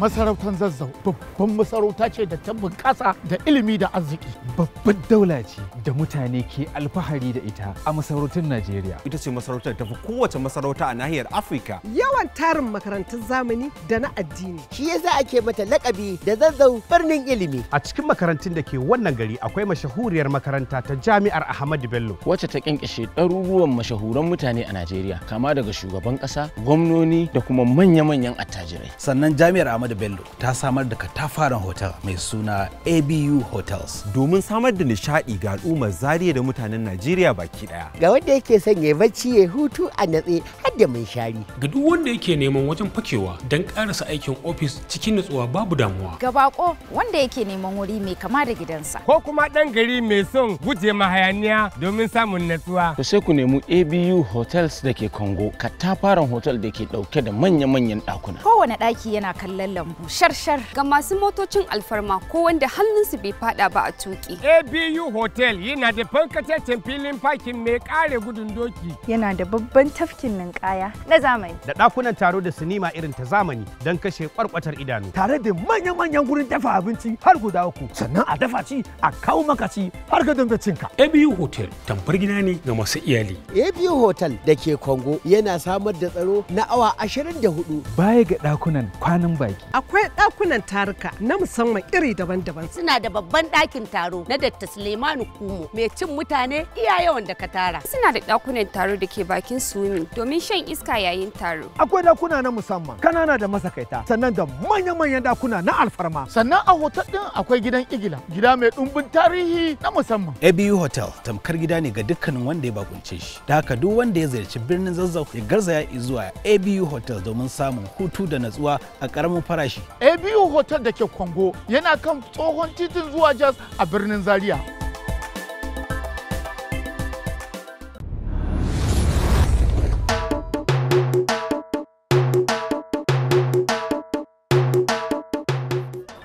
masarautar zazzau babban masarauta ce da ta bunƙasa da ilimi da arziki Babban daula ce da mutane ke alfahari da ita a masarautar najeriya ita ce masarautar tafi kowace masarauta a nahiyar afirka yawan tarin makarantun zamani da na addini shi yasa ake mata lakabi da zazzau birnin ilimi a cikin makarantun da ke wannan gari akwai mashahuriyar makaranta ta jami'ar ahmadu bello wacce ta kyankyashe ɗaruruwan mashahuran mutane a najeriya kama daga shugaban ƙasa gwamnoni da kuma manya-manyan attajirai sannan jami'ar Ahmadu Bello ta samar da katafaren hotel mai suna ABU Hotels. Domin samar da nishaɗi ga al'ummar zariya da mutanen Najeriya baki ɗaya. Ga wanda yake son ya bacci ya hutu a natse har da mai shari. Ga duk wanda yake neman wajen fakewa don ƙarasa aikin ofis cikin natsuwa babu damuwa. Ga bako wanda yake neman wuri mai kama da gidansa. Ko kuma ɗan gari mai son guje ma hayaniya domin samun natsuwa. To sai ku nemi ABU Hotels da ke Congo, katafaren hotel da ke ɗauke da manya-manyan ɗakuna. Kowane ɗaki yana kallon lambu shar-shar ga masu motocin alfarma ko wanda hannunsu bai fada ba a tuki. ABU Hotel yana da fankataccen filin fakin mai kare gudun doki. Yana da babban tafkin ninkaya na zamani. Da dakunan taro da sinima irin ta zamani don kashe kwarkwatar idanu. Tare da manya-manyan gurin dafa abinci har guda uku. Sannan a dafa ci a kawo maka ci har ga dinga ABU Hotel tamfar gida ne ga masu iyali. ABU Hotel da ke Kongo yana samar da tsaro na awa 24. Baya ga dakunan kwanan baki akwai ɗakunan taruka na musamman iri daban-daban. Suna da babban ɗakin taro na Dr. Suleimanu Kumo mai cin mutane iya yawan da ka tara. Suna da ɗakunan taro da ke bakin sumi domin shan iska yayin taro. Akwai ɗakuna na musamman kanana da masakaita sannan da manya-manyan ɗakuna na alfarma. Sannan a hotel ɗin akwai gidan igila gida mai ɗumbin tarihi na musamman. ABU Hotel tamkar gida ne ga dukkanin wanda ya bakunce shi. Da haka duk wanda ya ziyarci birnin Zazzau ya garzaya zuwa ABU Hotel domin samun hutu da natsuwa a ƙaramin farashi abu hotel da ke kwango yana kan tsohon titin zuwa jos a birnin zaria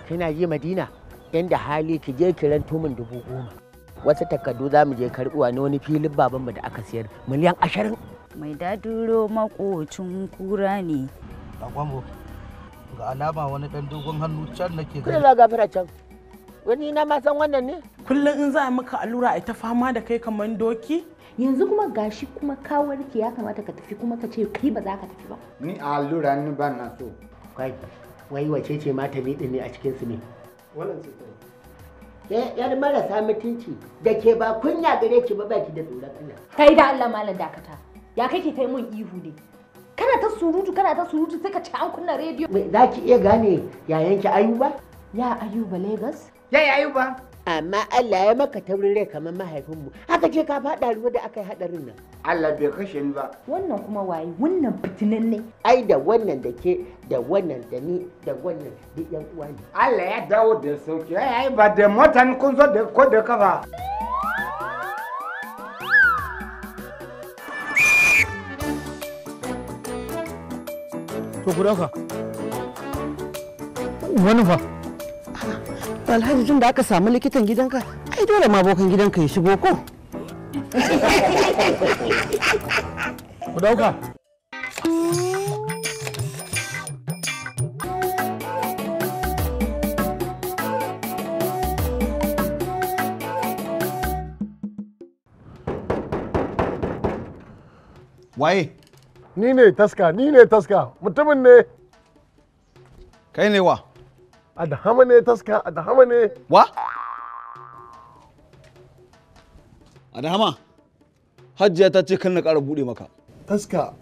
kina ji madina inda hali ki je kiran tumin dubu goma wasu takardu za mu je karbuwa na wani filin babanmu da aka siyar miliyan ashirin mai daduro makocin kura ne ga alama wani dan dogon hannu can nake gani kula gafara can wani na ma san wannan ne kullum in za a maka allura a ta fama da kai kamar doki yanzu kuma gashi kuma ka warke ya kamata ka tafi kuma ka ce kai ba za ka tafi ba ni a allura ni ba na so kai wai wace ce ni ta ne a cikin su ne wannan ce eh, yar marasa mutunci da ke ba kunya gare ki ba baki da tsoron Allah kai da Allah malam dakata ya kake kai mun ihu ne kana ta surutu kana ta surutu sai ka ci an kunna rediyo za ki iya gane yayanki ayuba ya ayuba lagos ya ayuba amma Allah ya maka taurin rai kamar mahaifinmu haka ce ka faɗa ruwa da aka yi haɗarin nan Allah bai kashe ni ba wannan kuma waye wannan fitinan ne ai da wannan da ke da wannan da ni da wannan da yan uwa ne Allah ya dawo da sauki ai ba da motan kun zo da ko da kafa to ku dauka wani fa alhaji tun da aka samu likitan gidanka ai dole ma bokan gidanka ya shigo ko ku dauka waye ni ne taska ni ne taska mutumin ne kai ne wa adhama ne taska adhama ne wa adhama hajjiya ta ce kan na ƙara buɗe maka taska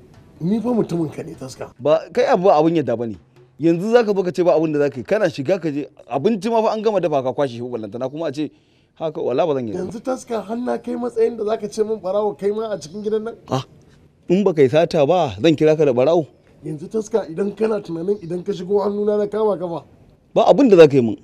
ni fa mutumin ka ne taska ba kai abu abun yadda bane yanzu zaka zo ce ba abun da zaka yi kana shiga ka je abinci ma fa an gama dafa ka kwashi shi ballantana kuma a ce haka wala ba zan yi yanzu taska har na kai matsayin da zaka ce min barawo kai ma a cikin gidan nan ah in baka yi sata ba zan kira ka da bara'u. yanzu taska idan kana tunanin idan ka shigo hannuna na kama ka ba ba abin da za ka yi min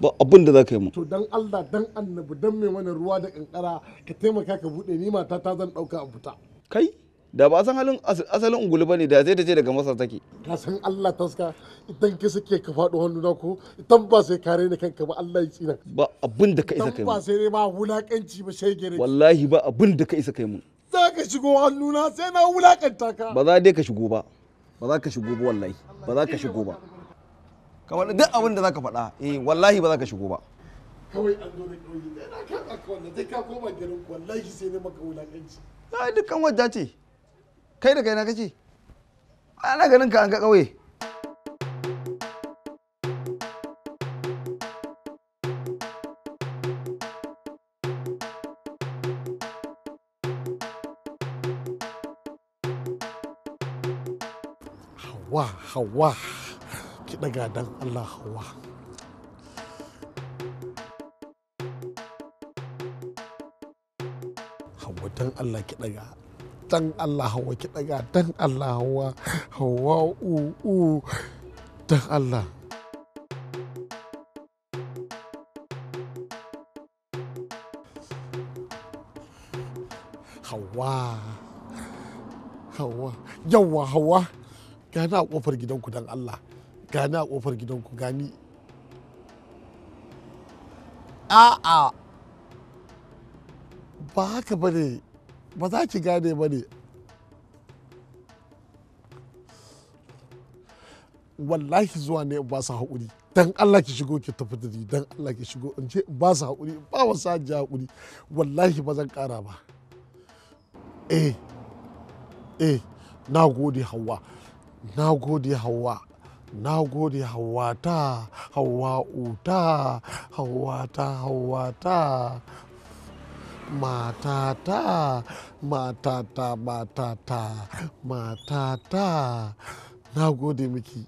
ba abin da za ka yi min to dan Allah dan annabi dan mai mana ruwa da kankara ka taimaka ka bude ni mata ta zan dauka a buta kai da ba san halin asalin ungulu bane da zai ta daga masar take ka san Allah taska idan ki suke ka faɗo hannuna ko idan ba sai kare ni kanka ba Allah ya tsira. ba abin da ka isa kai ba sai ba wulakanci ba shegere wallahi ba abin da ka isa kai mun za ka shigo hannuna sai na wulakanta ka ba za dai ka shigo ba ba za ka shigo ba wallahi ba za ka shigo ba kamar faɗi duk abin da za ka faɗa eh wallahi ba za ka shigo ba kawai an zo da ƙauye da na kan aka wannan sai ka koma garin wallahi sai na maka wulakanci ai dukkan wajja ce kai da kai na kace ana ganin ka an ga ƙauye hawa ki daga dan allah hawa hawa dan allah ki daga dan allah hawa ki daga dan allah hawa hawa u dan allah hawa hawa yawa hawa gani a kofar gidanku don Allah gani a kofar gidanku gani a'a ba haka ba ne ba za ki gane ba ne wallahi zuwa ne ba su haƙuri dan Allah ki shigo ki tafi da ni dan Allah ki shigo in ce ba su haƙuri ba wa sa ji haƙuri wallahi ba zan ƙara ba eh eh na gode hawa na gode hawa na gode hawata hawa'uta hawata hawata matata matata matata matata na gode miki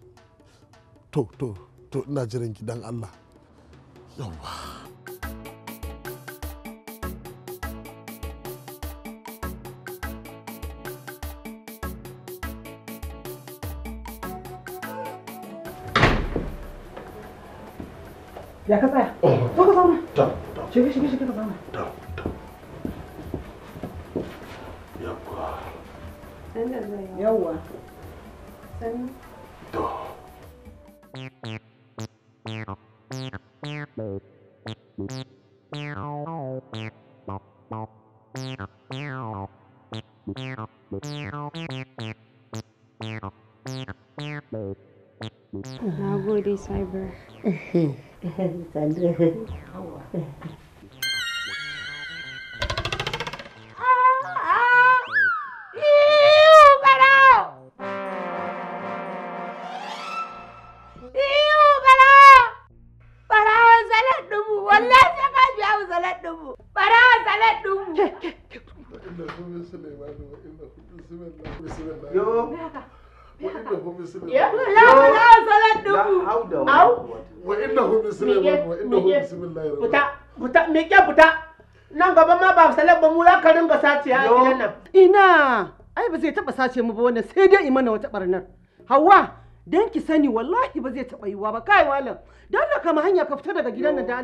to to to ina jiran gidan allah yawwa Ya ka tsaya? Oh. Zo ka zauna. Ta. Shige shige shige ka zauna. Ta. Yawwa. Yawwa. Sani. To. Thank you. 呵我。sace mu ba wannan sai dai in mana wata barnar hawa dan ki sani wallahi ba zai taba yiwa ba kai malam dan Allah kama hanya ka fita daga gidan nan da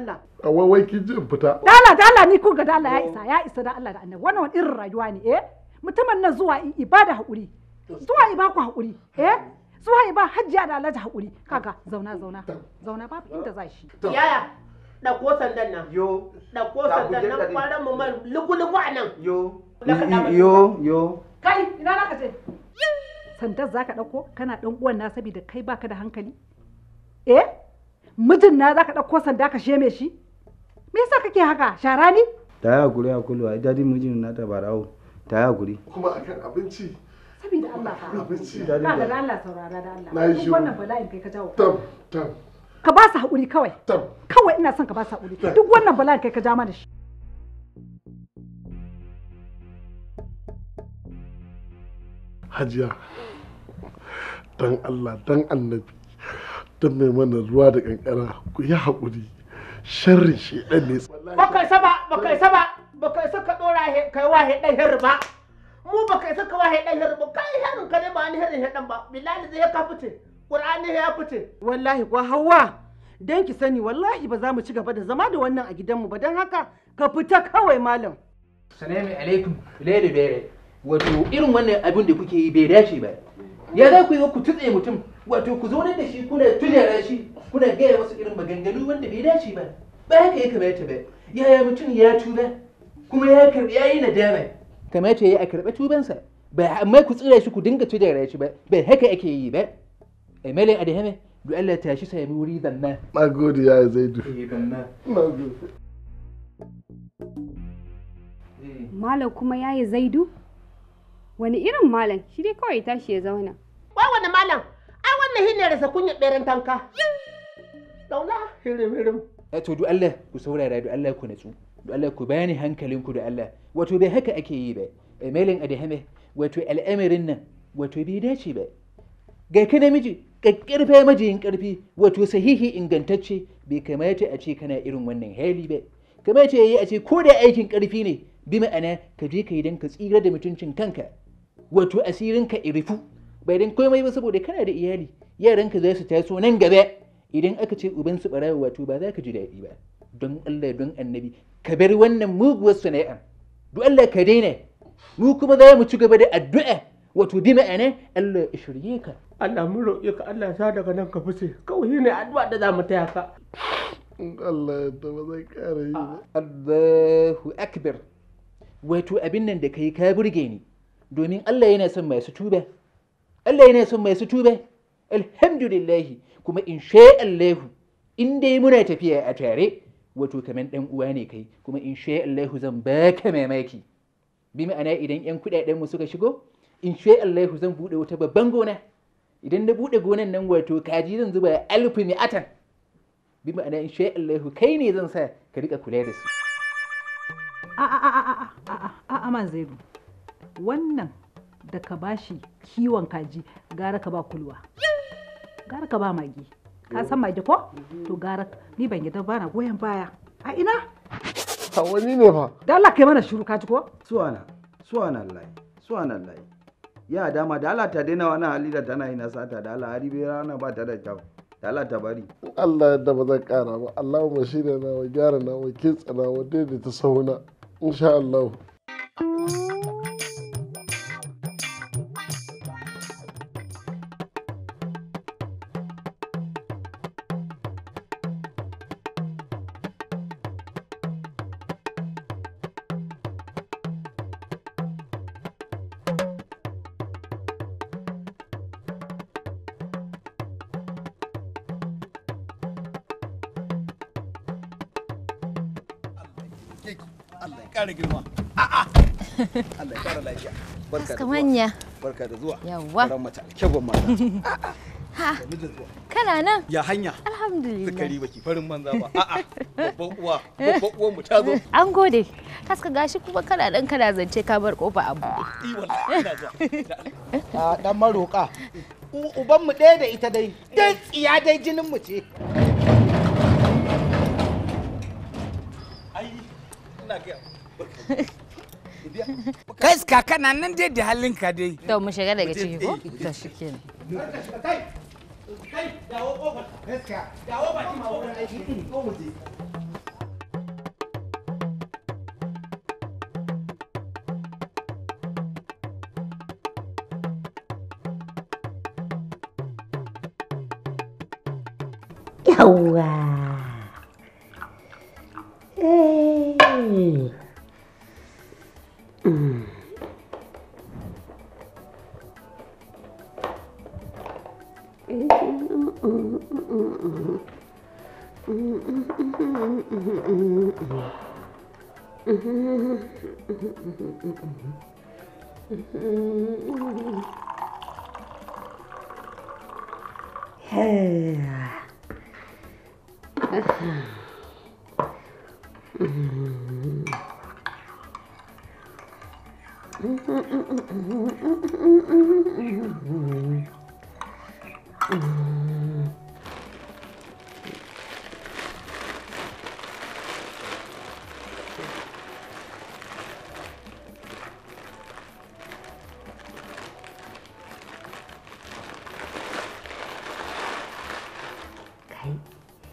Allah a wai wai ki jin fita da Allah da Allah ni kun ga da Allah ya isa ya isa da Allah da annabi wannan irin rayuwa ne eh mutumin nan zuwa ibada hakuri zuwa iba ku hakuri eh zuwa iba hajjiya da Allah hakuri kaga zauna zauna zauna babu inda za shi yaya ɗauko sandan nan yo ɗauko sandan nan kwaran mu man lugu-lugu anan yo yo yo kai ina za ka sandar za ka ɗauko kana ɗan uwan na saboda kai baka da hankali eh mijin na za ka ɗauko sanda ka sheme shi me yasa kake haka shara ni ta yi hakuri a kulwa ita din mijin na ta barawo ta yi hakuri kuma akan abinci saboda Allah ka abinci da Allah saurara da Allah na yi wannan bala'in kai ka jawo tam tam ka ba su haƙuri kawai kawai ina son ka ba su haƙuri duk wannan bala'in kai ka ja mana shi hajiya don allah don annabi don mai mana ruwa da kankara ku yi haƙuri sharrin shi ɗan ne baka saba baka saba baka saka ɗora kai wa ɗan hirin ba mu baka saka wa ɗan hirin ba kai hirin ka ne ba ni hirin ɗan ba bilali zai ka fice ƙur'ani ya fice wallahi ko hawa don ki sani wallahi ba za mu ci gaba da zama da wannan a gidanmu ba don haka ka fita kawai malam salamu alaikum lele bere wato irin wannan abin da kuke yi bai dace ba ya za ku yi ku tutse mutum wato ku zo da shi kuna tujara shi kuna gaya wasu irin maganganu wanda bai dace ba ba haka ya kamata ba yaya mutum ya tuba kuma ya karbi ya yi nadama kamata ya yi a karɓi tubansa ba amma ku tsira shi ku dinga tujara shi ba bai haka ake yi ba emelin eh, adahame du Allah tashi sami wuri zanna magodi ya yi zai duk eh, malam kuma ya yi zaidu Wani irin malam? Shi dai kawai tashi ya zauna. Wai wani malam? Ai wannan da rasa kunya ɓeran tanka. Zauna hirim hirim. Ya eh, to du Allah ku saurara du Allah ku natsu. Du Allah ku bayani hankalinku da Allah. Wato bai haka ake yi ba. Eh, a Adehame wato al'amarin nan wato bai dace ba. Ga ka namiji ƙarfe majiyin ƙarfi wato sahihi ingantacce bai kamata a ce kana irin wannan hali ba. Kamata ya yi a ce ko da aikin ƙarfi ne bi ma'ana ka je ka yi don ka tsira da mutuncin kanka wato asirinka irifu bai dan komai ba saboda kana da iyali yaranka za su taso nan gaba idan aka ce uban su barawa wato ba za ka ji daɗi ba don Allah don annabi ka bar wannan muguwar sana'a duk Allah ka daina mu kuma za mu ci gaba da addu'a wato bi ma'ana Allah ya shirye ka Allah mu roƙe ka Allah ya daga nan ka fice kawai ne addu'a da za mu taya ka Allah ya taba zai kare yi Allahu akbar wato abin nan da kai ka burge ni domin Allah yana son masu tuba Allah yana son masu tuba alhamdulillahi kuma in sha Allahu in dai muna tafiya a tare wato kamar dan uwa ne kai kuma in sha Allahu zan baka mamaki bi ma'ana idan yan kudaden mu suka shigo in sha Allahu zan bude wata babban gona idan na buɗe gonan nan wato kaji zan zuba alfi atan bi ma'ana in sha Allahu kai ne zan sa ka rika kula da su a'a a'a a'a a'a a'a a wannan da ka bashi kiwon kaji gara ka ba kulwa gara ka ba magi ka san magi ko to gara ni ban yadda bana goyen baya a ina ta wani ne fa da Allah kai mana shiru kaji ko suwana suwana Allah suwana Allah ya dama da Allah ta daina wani hali da tana yi na sata da Allah haribe rana ba ta da kyau da Allah ta bari Allah yadda ba zan kara ba Allah shirya na wa gyara na wa kitsa na wa daidaita sauna insha Allah Aisha. Barka da Barka da zuwa. Yawwa. mata mata. Ha. Kana nan? Ya hanya. Alhamdulillah. Sukari baki farin manza ba. A'a. Babban uwa, eh? babban uwan mu ta zo. An gode. Haska gashi kuma kana dan kana zance ka bar kofa a buɗe. Ni wallahi ina zuwa. Ah, dan maroka. Uban mu ɗaya da ita dai. Dai tsiya dai jinin mu ce. Ai ina ga. kai kaka na nan dai da halin ka dai to mu shiga daga ciki ko eh, eh. to shikenan kai kai dawo kofar gaskiya dawo ba bakin kofar aiki ko mu je yawwa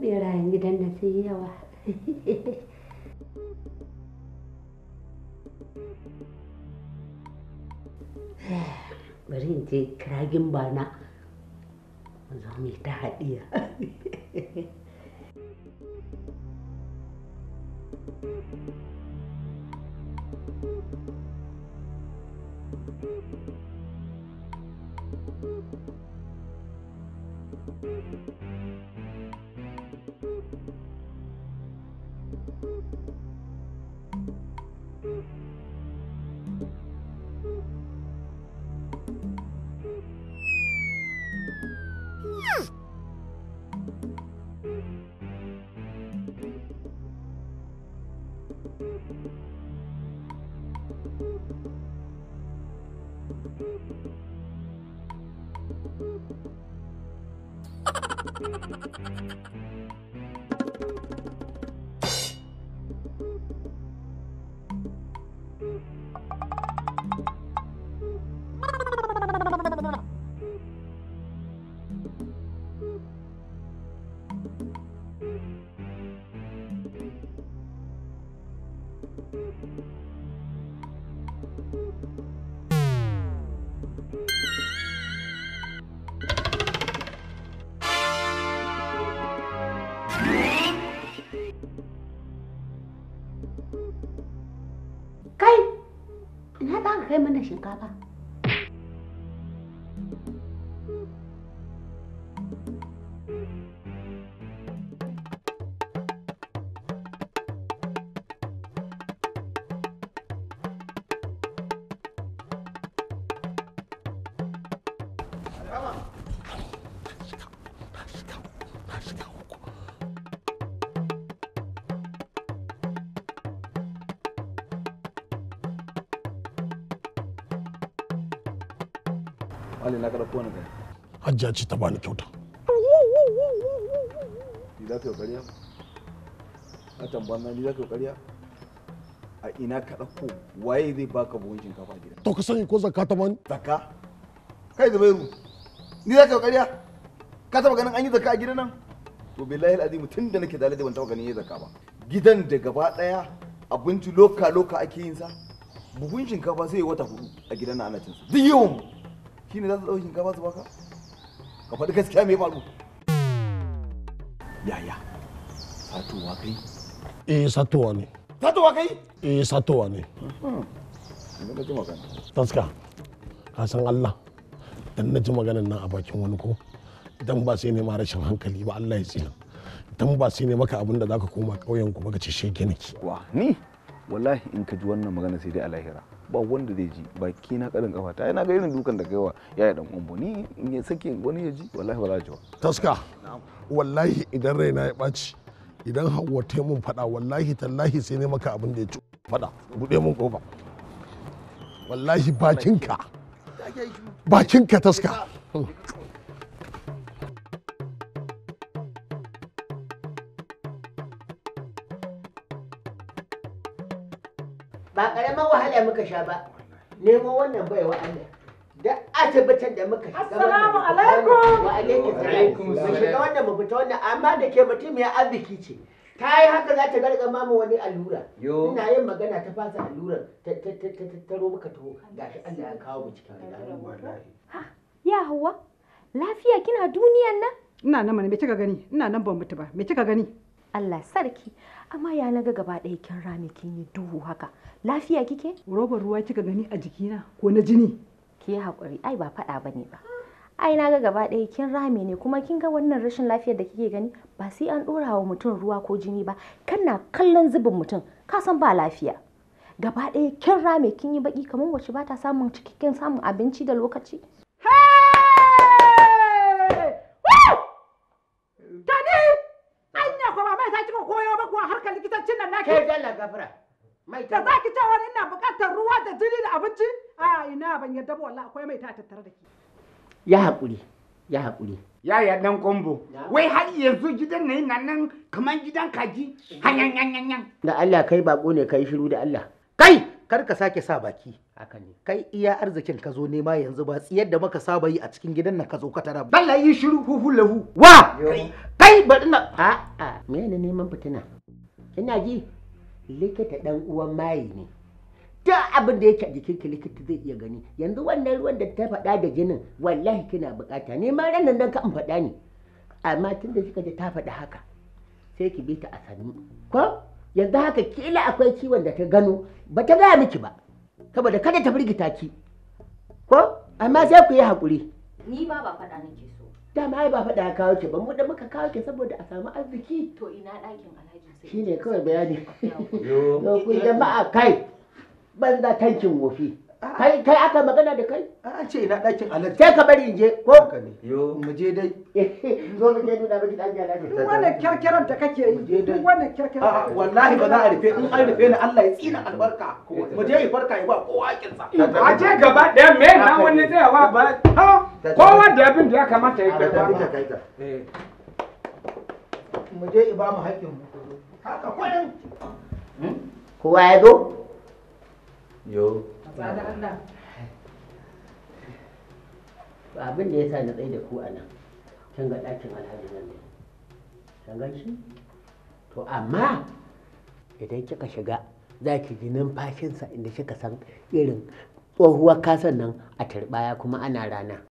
ɓerayen gidan da sun yi yawa bari in je kiragin bana zama ta haɗiya 开门的，先干吧。wale na kada kowane gari hajja ce ta bani kyauta ni za ka yi ƙarya a tambayar na ni za ka yi ƙarya a ina ka ɗauko waye zai baka buhun shinkafa gida to ka sani ko zakka ta bani zakka kai zubairu ni za ka yi ƙarya ka taɓa ganin an yi zakka a gidan nan to billahi alazim tun da nake dalibai ban taɓa ganin yayi zakka ba gidan da gaba daya abinci loka loka ake yin sa buhun shinkafa sai wata hudu a gidan na ana cin sa duk yawan shine za su ɗau shinkafa su baka ka faɗi gaskiya me faru yaya satowa kai eh satowa ne satowa kai eh satowa ne hmm. taska ka san Allah dan na ji maganar nan a bakin wani ko dan ba sai ne ma rashin hankali ba Allah ya tsira dan ba sai ne maka abin da zaka koma ƙauyen ku ka ce shege wa ni wallahi in ka ji wannan magana sai dai a lahira ba wanda zai ji baki na karin kafa ta yana ga irin dukan da kaiwa ya yi dan umbo ni ya saki wani ya ji wallahi wala ji taska wallahi idan raina ya ɓaci idan hawa ta mun faɗa wallahi tallahi sai ne maka abin da ya ci faɗa bude mun kofa wallahi bakinka bakinka taska ba karamar wahala muka sha ba nemo wannan bai wa Allah da a tabbatar da muka shiga assalamu alaikum wa alaikum salam shiga wannan mu fita wannan amma da ke mutum ya arziki ce ta yi haka za ta garga mamu wani allura ina yin magana ta fasa allurar ta taro muka taho gashi Allah ya kawo mu cikin gida ya hawa lafiya kina duniyan nan ina nan mana me kika gani ina nan ban mutu ba me kika gani Allah sarki amma ya naga gaba ɗaya kin rame kin yi duhu haka lafiya kike robar ruwa kika gani a jikina ko na jini ki haƙuri ai ba faɗa bane ba ai naga gaba ɗaya kin rame ne kuma kin ga wannan rashin lafiyar da kike gani ba sai an ɗora wa mutum ruwa ko jini ba kana kallon zubin mutum ka san ba lafiya gaba ɗaya kin rame kin yi baki kamar wacce ba ta samun cikakken samun abinci da lokaci matsanancin nan nake ke dalla gafara mai ta zaki cewa ina bukatar ruwa da jini da abinci a ina ban yadda ba wallahi akwai mai ta tattare da ke ya hakuri ya hakuri ya ya dan kombo wai har yanzu gidan nan nan nan kaman gidan kaji hanyan hanyan yan da Allah kai bako ne kai shiru da Allah kai kar ka sake sa baki haka ne kai iya arzikin ka zo nema yanzu ba tsiyar da maka saba yi a cikin gidan nan ka zo ka tara balla yi shiru hu lahu wa kai bari na a a me ne neman fitina ina ji likita dan uwan mai ne duk abin da yake jikin ki likita zai iya gani yanzu wannan ruwan da ta faɗa da jinin wallahi kina bukata ne ma ranar nan ka faɗa ne amma tun da kika ji ta faɗa haka sai ki bi ta a sannu ko yanzu haka kila akwai ciwon da ta gano ba ta gaya miki ba saboda kada ta firgita ki ko amma sai ku yi haƙuri ni ba ba faɗa nake so dama ai ba faɗa kawo ki ba mu da muka kawo ki saboda a samu arziki to ina ɗakin alhaji sai shine kawai bayani yo ku jama'a kai banza tankin wofi kai kai aka magana da kai a ce ina dakin alaji kai ka bari in je ko yo mu je dai eh, zo mu je nuna miki dakin alhaji duk wannan kyarkyaran da kake yi duk wannan kyarkyaran a wallahi ba za a rufe in an rufe ni Allah ya tsina albarka eh, mu je farka yi ba kowa hakin sa eh, a je gaba da me na wani zai wa ba kowa da abin da ya kamata ya karba mu je iba mu haƙin mu haka kwanan hmm? kowa ya zo yo ba abin da ya sa na tsaye da ku a nan ga ɗakin alhaji nan ne can gan shi to amma idan kika shiga za ki ji numfashinsa inda kika san irin tsohuwar kasan nan a turɓaya kuma ana rana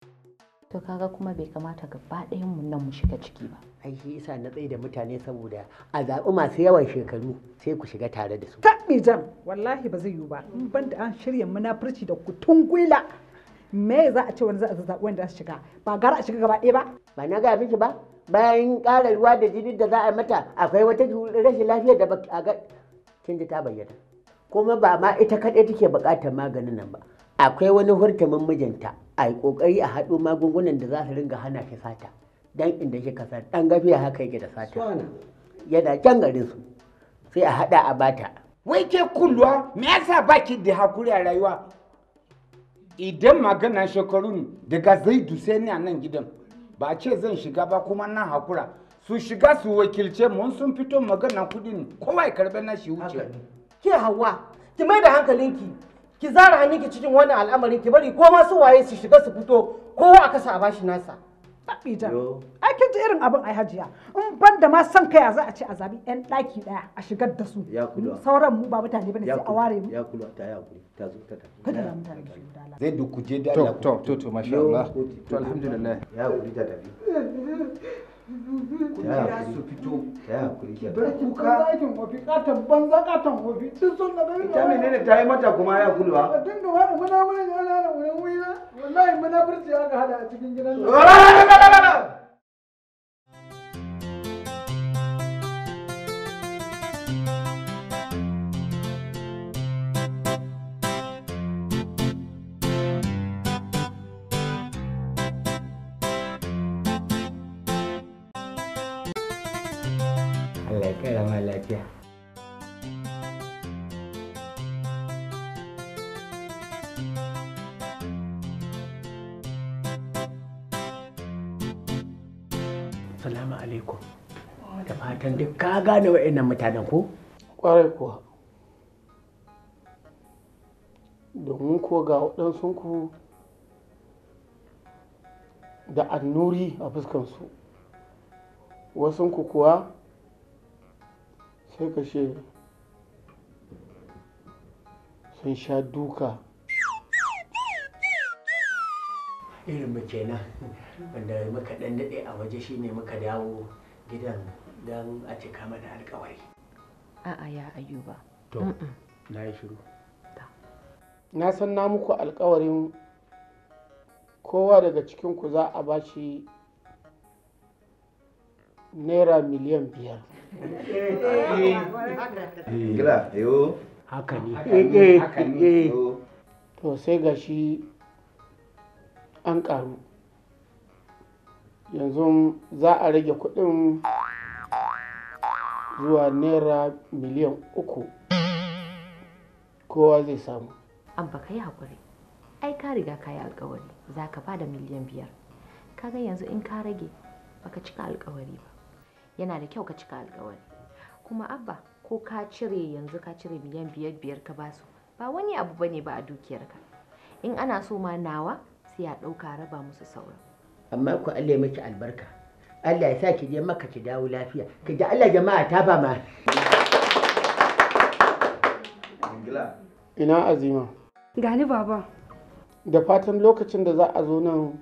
to kaga kuma bai kamata gaba ɗayan mu nan mu shiga ciki ba ai shi isa na tsaye da mutane saboda a zaɓi masu yawan shekaru sai ku shiga tare da su taɓi jam wallahi ba zai yiwu ba in ban da an shirya munafurci da kutun gwila me za a ce wani za a zaɓi wanda za su shiga ba gara a shiga gaba ɗaya ba ba na gaya miki ba bayan ƙara ruwa da jini da za a mata akwai wata rashin lafiya da ba a ga kin ji ta bayyana kuma ba ma ita kaɗai take buƙatar maganin nan ba akwai wani hurtumin mijinta a yi kokari a haɗo magungunan da za su ringa hana shi sata dan inda shi kasar dan gafiya haka yake da sata yana can garin su sai a haɗa a bata wai ke kulluwa me yasa baki da hakuri a rayuwa idan magana shekarun daga zaidu sai ni a nan gidan ba ce zan shiga ba kuma nan hakura su shiga su wakilce mun sun fito maganar kudin kowa ya karɓi na shi wuce ke hawa ki mai da hankalinki ki zara hannunki cikin wani al'amari ki bari ko masu waye su shiga su fito kowa a kasa a bashi nasa Fafita, ai kin ji irin abin ai hajiya in ban da ma san kai za a ce a zabi yan ɗaki ɗaya a shigar da su mm, sauran mu ba mutane bane sai a ware mu ya kula ta ya kula ta zo ta ta kada da mutane su dala zai duku je da Allah to to to masha Allah to alhamdulillah ya kula ta tafi ku kira su fito ki bar kuka aikin wafi katon banza katon wafi duk sun da bai ita menene ta yi mata kuma ya kulwa a dinga wani muna muna yana yana wurin wina wallahi muna burci aka hada a cikin gidan nan ka gane wa'annan mutanen ko? Kwarai kuwa. Domin ko ga waɗansunku da annuri a fuskansu, wasunku kuwa sai ka she sun sha duka. Irin mu kenan wanda muka ɗan daɗe a waje shine muka dawo gidan don a cika mana alkawari a'a ya ayyuba. to na yi shiru na san na muku alkawarin kowa daga cikin ku za a bashi naira miliyan biyar haka ne eh, eh, eh. to sai ga shi an karu yanzu za a rage kudin zuwa naira miliyan uku kowa zai samu abba ka yi haƙuri ai ka riga ka yi alkawari za ka ba da miliyan biyar kaga yanzu in ka rage ka cika alkawari ba yana da kyau ka cika alkawari kuma abba ko ka cire yanzu ka cire miliyan biyar biyar ka basu ba wani abu ba ne ba a dukiyarka in ana so ma nawa sai a ɗauka raba musu sauran amma ku alle miki albarka Allah ya sa ki je maka ki dawo lafiya ki ji Allah jama'a ta ba ma ina azima gani baba da fatan lokacin da za a zo nan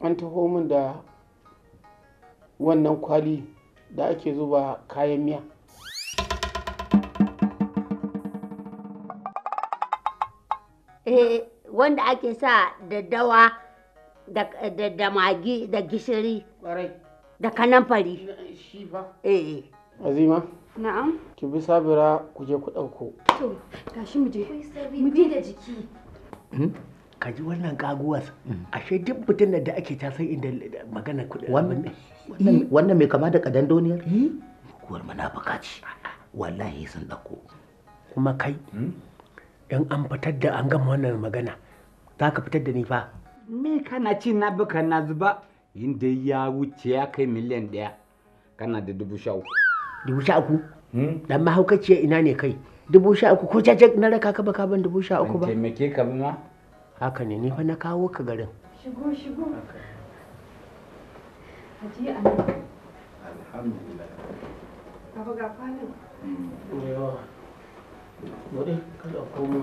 an taho min da wannan kwali da ake zuba kayan miya eh wanda ake sa daddawa da magi da gishiri da kanamfari eh, shi ba? Eh, eh azima na'am ki bi sabira ku je ku dauko to tashi mu je mu bi da jiki hmm? ka ji wannan kaguwas hmm. ashe duk mutum da ake ta san inda magana kudi hmm? wannan mai kama da kadan doniyar kuwar manafaka ce wallahi sun dauko kuma kai in an fitar da an gama wannan magana za ka fitar da ni fa me kana ci na bi kana zuba inda ya wuce ya kai miliyan ɗaya kana da dubu sha uku dubu sha uku hmm? dan mahaukaciya ina ne kai dubu sha uku ko jajag na raka ka baka ban dubu sha uku ba taimake ka bi ma haka ne ni fa na kawo ka garin shigo shigo haji alhamdulillah hmm. Ka ga kwanan ne yawa kada komo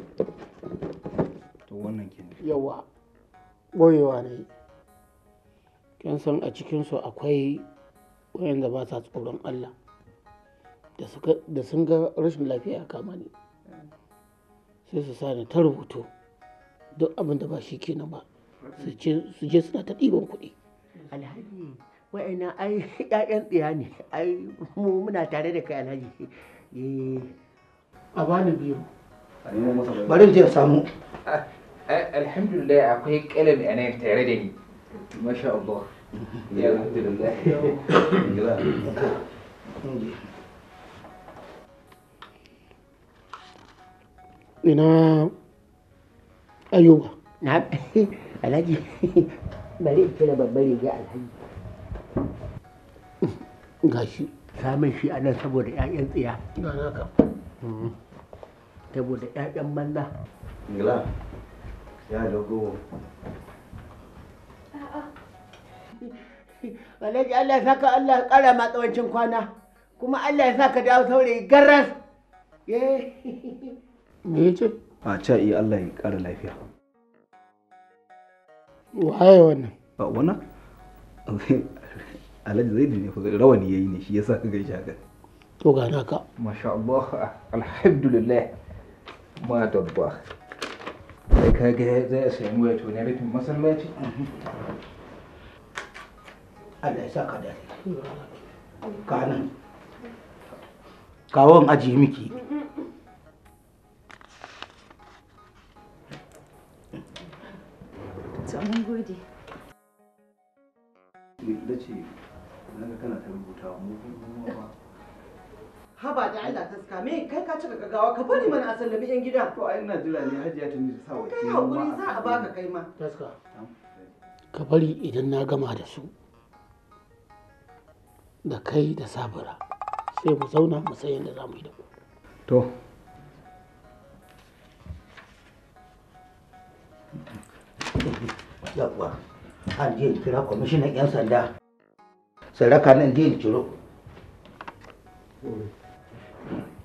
to wannan kenan yawa boyewa ne kin san a cikinsu akwai wayanda ba sa tsoron Allah da sun ga rashin lafiya kama ne sai su sani ta rubutu duk abin da ba shi kenan ba su je suna ta ɗiban kuɗi alhaji wa'ina ai ƴaƴan ne ai mu muna tare da kai alhaji eh, a bani biyu bari je samu Eh, alhamdulillah akwai kalami a nan tare da ni masha Allah ya alhamdulillah ina ayuba na alhaji bari in 'ya'yan tsiya ya logo. Alhaji Allah ya saka Allah ya ƙara ma tsawancin kwana kuma Allah ya saka dawo saurayi garas. Me yace? A ce iya eh, Allah ya ƙara lafiya. Waye wannan? Ba wannan? Alhaji Zaidu ne fa rawani yayi ne shi yasa ka gaishe haka. To ga naka. Masha Allah, alhamdulillah. Ma tabbah. sai ka ga zai sayi waya to na rufin masallaci Allah ya sa ka kanan kawon aji miki mun gode da ce kana ta rubuta mu ba haba da Allah taska me kai ka cika gaggawa ka bari mana a sallami yan gida to ai ina jira ne hajiya ta miji sawa kai hakuri za a baka kai ma taska ka bari idan na gama da su da kai da sabura sai mu zauna mu san yadda za mu yi da ku to yawwa an je kira kwamishinan 'yan sanda raka nan je ciro Thank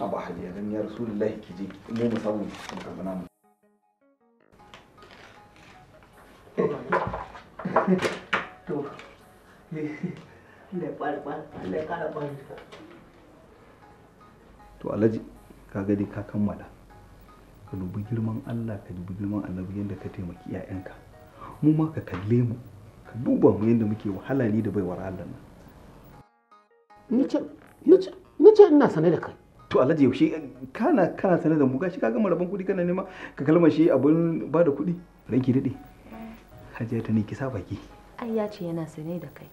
abu hadiya don ya rasulullahi ki je mu mu samu mu karɓi namu to to alhaji ka gadi ka kammala ka dubi girman allah ka dubi girman annabi yadda ka taimaki 'ya'yanka mu ma ka kalle mu ka duba mu yadda muke wahala ni da baiwar allah na ni ce ina sane da kai to alhaji yaushe kana kana sanar da mu gashi ka gama rabon kuɗi kana nema ka kalma shi abun ba da kuɗi ranki daɗe hajiya ta ne ki sa baki ai ya ce yana sane da kai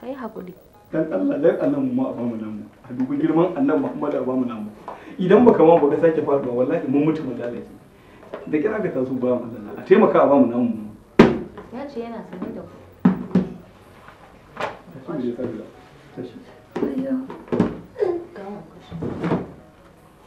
kai haƙuri dan Allah dan annan mu a bamu namu a dubi girman annan Muhammad a bamu namu idan baka ma baka sake faɗuwa wallahi mun mutu mu lalace da kira ka taso ba mu a taimaka a bamu namu ya ce yana sane da ku Thank you.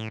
Yeah.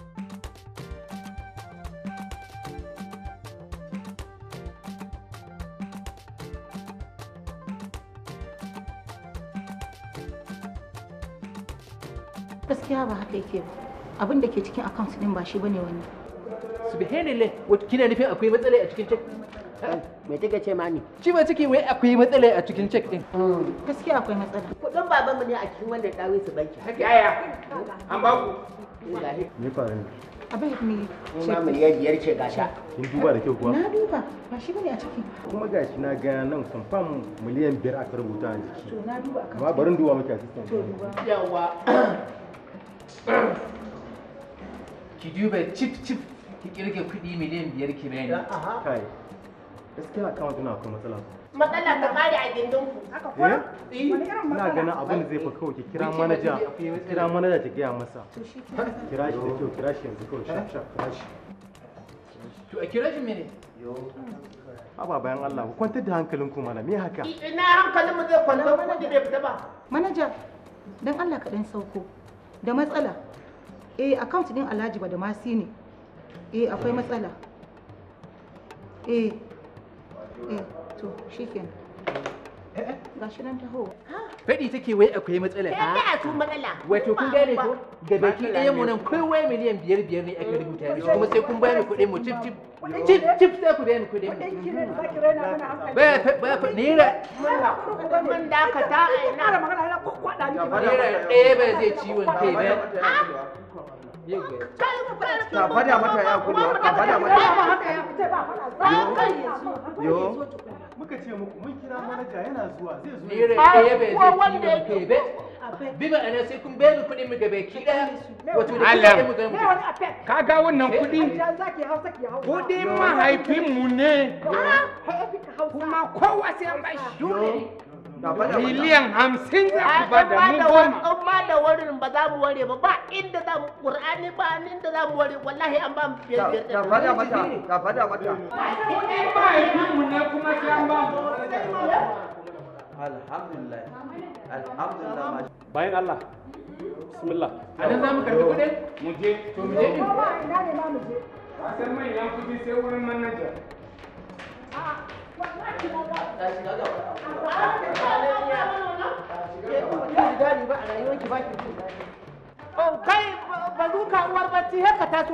ATM abin da ke cikin account din ba shi bane wani subhanallah wata kina nufin akwai matsala a cikin check me take ce ma ni shi ma ciki wai akwai matsala a cikin check din hmm. gaskiya akwai matsala kudin baban mu ne a cikin wannan dawo su banki haka yaya an ba ku ni fara ne abin da ne kuma ya biyar ce gasha kin duba da kyau kuwa na duba ba shi bane a ciki kuma gashi na ga nan confirm miliyan biyar aka rubuta a jiki to na duba ka amma barin duba maka assistant yawa ki duba chip cif ki kirge kudi miliyan biyar ki bayani kai gaskiya account ina akwai matsala matsala ta kare a gindin ku haka ko eh? wani irin matsala ina ganin abin zai fa kawai ki kira manaja kira manager ki gaya masa kira shi da kyau kira shi yanzu kawai shaf shaf kira shi to a kira shi mene yo haba bayan Allah ku kwantar da hankalin ku mana me haka ina hankalin mu zai kwanta ko da bai fita ba manager dan Allah ka dan sauko da matsala eh account din alhaji badamasi ne eh akwai matsala eh eh to shikenan eh, eh. gashi nan ho ha ah. faɗi take wai akwai matsala a a su matsala wato kun gane ko ga baki ɗayan mu nan miliyan biyar biyar ne aka rubuta ne kuma sai kun bayar kuɗin mu tip tip tip tip sai ku bayar kuɗin mu baya baya naira mun dakata ina kwada ni ba zai ciwon kai ba ka da mata ya kudu ka da mata ya yo muka ce muku mun kira manaja yana zuwa zai zo ne biba ana sai kun bai mu kuɗin mu gaba ki da wato da kuɗin mu ka ga wannan eh? mahaifin mu ne kuma kowa sai an dole miliyan hamsin za ku ba da mu goma an ma da warin ba za mu ware ba ba inda za mu qur'ani ba inda za mu ware wallahi an ba mu biyar biyar ka fada mata ka fada mata kuɗin mahaifin mu ne kuma sai an ba mu alhamdulillah alhamdulillah bayan Allah bismillah a nan za mu karɓi kuɗin mu je to mu je din ina ne ma mu je a san mai yan kuɗi sai wurin manaja a'a kai ba duka uwar bacci haka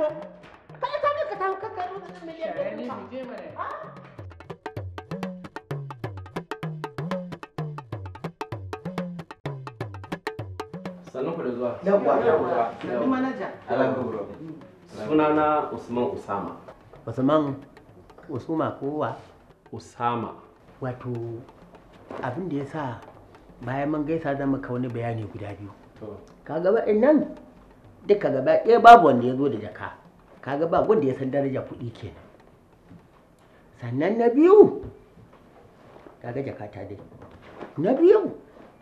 usman usama usman usuma kowa usama wato abin da ya sa bayan man gaisa zan ka wani bayani guda biyu ka gaba nan duka gaba ɗaya babu wanda ya zo da jaka ka gaba wanda ya san daraja kuɗi kenan sannan na biyu kaga jaka ta dai na biyu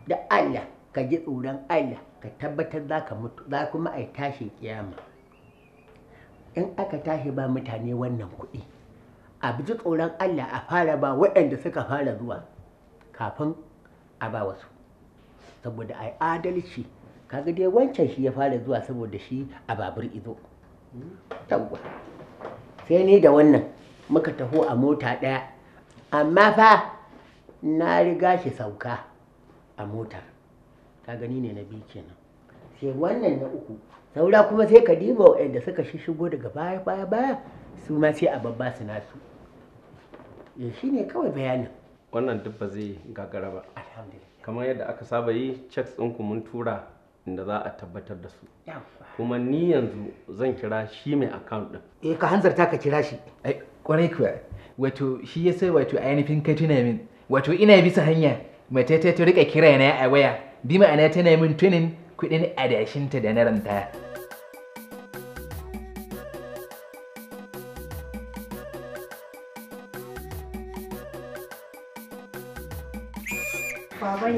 da allah ka ji tsoron allah ka tabbatar za ka mutu za kuma ai tashi kiyama in aka tashi ba mutane wannan kuɗi a bi tsoron Allah a fara ba waɗanda suka fara zuwa kafin a ba wasu saboda a adalci kaga dai wancan shi ya fara zuwa saboda shi a babur izo sai ni da wannan muka taho a mota ɗaya amma fa na riga shi sauka a mota ka gani ne na biyu kenan sai wannan na uku saura kuma sai ka diba waɗanda suka shigo daga baya baya baya su ma sai a babba su nasu ya eh, shi ne kawai bayanin wannan dubba zai gagara ba kamar yadda aka saba yi checks ɗinku mun tura inda za a tabbatar da su kuma ni yanzu zan kira shi mai account ɗin eh ka hanzarta ka kira shi ai kwarai kuwa wato shi ya sai wato ainihin kai tuna min wato ina bisa hanya mace ta rika kira na a waya bi ma'ana tana min tunin kuɗin adashinta da na ranta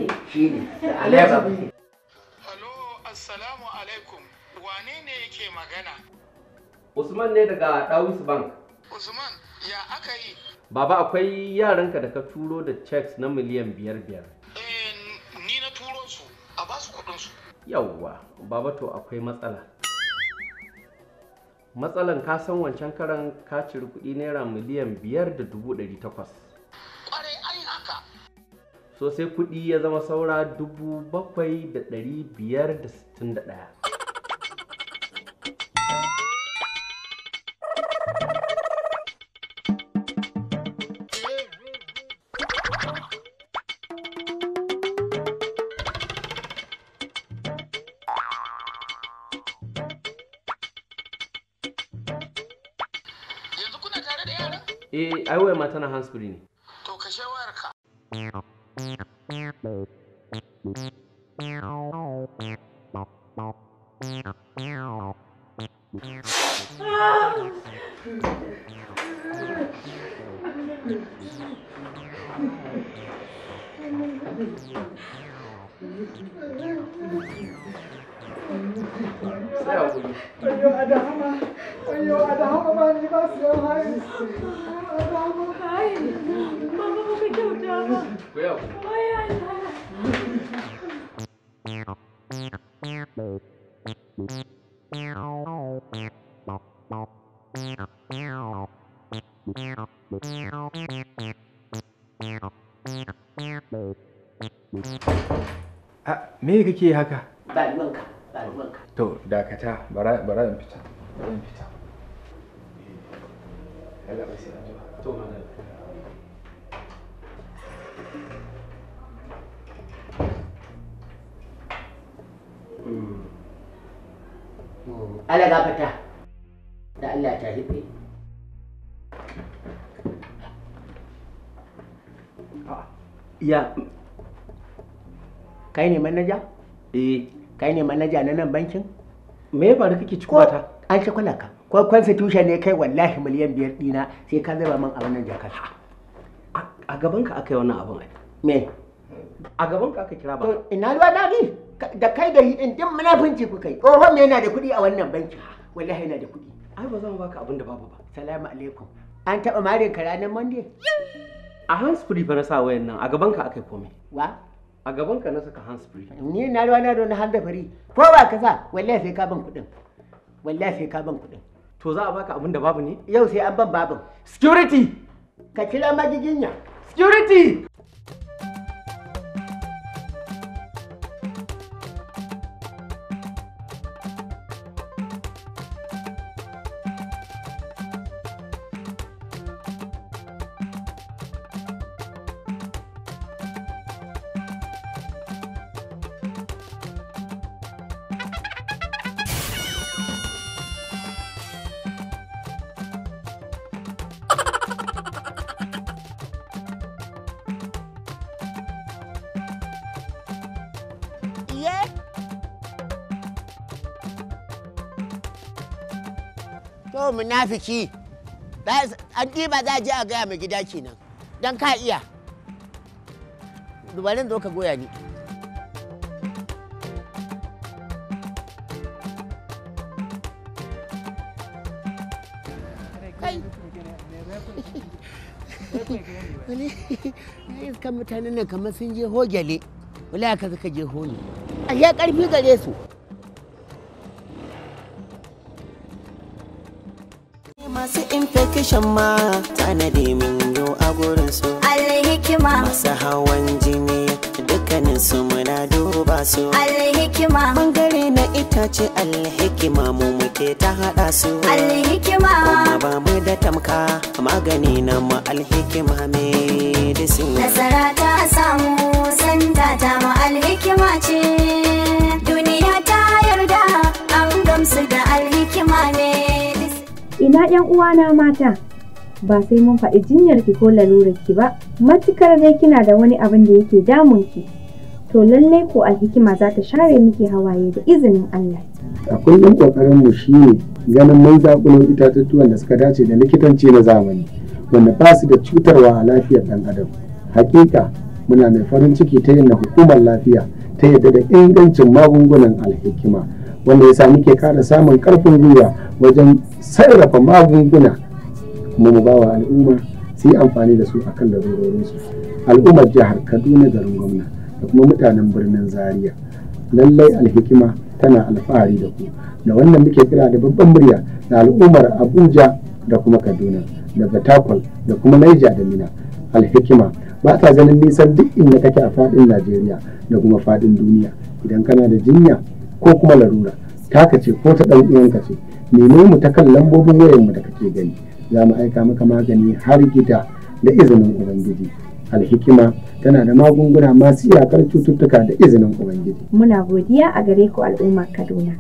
ne shi ne Halo, assalamu alaikum. Wane ne yake magana? Usman ne daga Dawis Bank. Usman, ya aka yi? Baba akwai yaranka da ka turo da checks na miliyan biyar biyar. Eh, ni na turo su, a ba su kudin su. Yawwa, baba to akwai matsala. Matsalan ka san wancan karan ka ciri kuɗi naira miliyan biyar da dubu ɗari takwas. so sai kuɗi ya zama saura dubu bakwai da dari biyar da sittin da ɗaya Eh, ai ya ma tana hands-free ne. To kashe wayar ka. kake haka ba ruwanka ba ruwanka to dakata bara in fita bara in fita to ala mm. fita da Allah ta hibe ya kai ne manaja? eh kai ne manaja na nan bankin me ya faru kake cikin ta an ce kwana ka ko constitution ne kai wallahi miliyan biyar dina sai ka zaba min a wannan jakar a gaban ka aka yi wannan abin ai me a gaban ka aka kira ba ina ruwa dadi da kai da yin din munafinci ku kai oho me yana da kuɗi a wannan bankin wallahi yana da kuɗi ai ba zan baka abin da babu ba salamu alaikum an taɓa mare ka ranar monday a hans free fa na sa wayan nan a gaban ka aka yi komai wa a gaban ka na saka free ni na ruwa na ruwa na handsfree ko ba ka sa wallahi sai ka ban kuɗin wallahi sai ka ban kuɗin to za a baka abin da babu ne yau sai an ban babu security ka kira magiginya security To munafiki. An ɗiba za a je a gaya mai gida kenan. Don ka iya. Dubarin zo ka goya ni. iskan mutane nan kamar sun je hogele. Wala ka suka je honi. A ya karfi gare su. ki shamma da min yo a gurin su alhikima masu hawan jini dukkanin su muna duba su alhikima bangare na itace alhikima mu muke ta hada su alhikima kuma ba mu da tamka magani na mu alhikima medicine nasara ta samu santa ta mu alhikima ce duniya ta yarda an gamsu da alhikima ne ina yan uwana mata ba sai mun faɗi jinyar ki ko lalurar ki ba matukar dai kina da wani abin da yake damun ki to lallai ko alhikima za ta share miki hawaye da izinin Allah akwai 'yan kokarin mu shine ganin mun zakulo itatuttuwan da suka dace da likitanci na zamani wanda ba su da cutarwa a lafiyar dan adam hakika muna mai farin ciki ta yin hukumar lafiya ta yadda da ingancin magungunan alhikima wanda ya sa muke kara samun karfin gwiwa wajen sarrafa magunguna kuma mu bawa al'umma su yi amfani da su a kan larurorinsu al'ummar jihar kaduna garin gwamna da kuma mutanen birnin Zariya lallai alhikima tana alfahari da ku da wannan muke kira da babban murya da al'ummar abuja da kuma kaduna da batakwal da kuma naija da mina alhikima ba ta ganin nisan duk inda kake a fadin najeriya da kuma fadin duniya idan kana da jinya ko kuma larura taka ce ko ta ɗan uwanka ce nemo mu ta kan lambobin wayar mu da kake gani za mu aika maka magani har gida da izinin ubangiji alhikima tana da magunguna masu iyakar cututtuka da izinin ubangiji muna godiya a gare ku al'ummar kaduna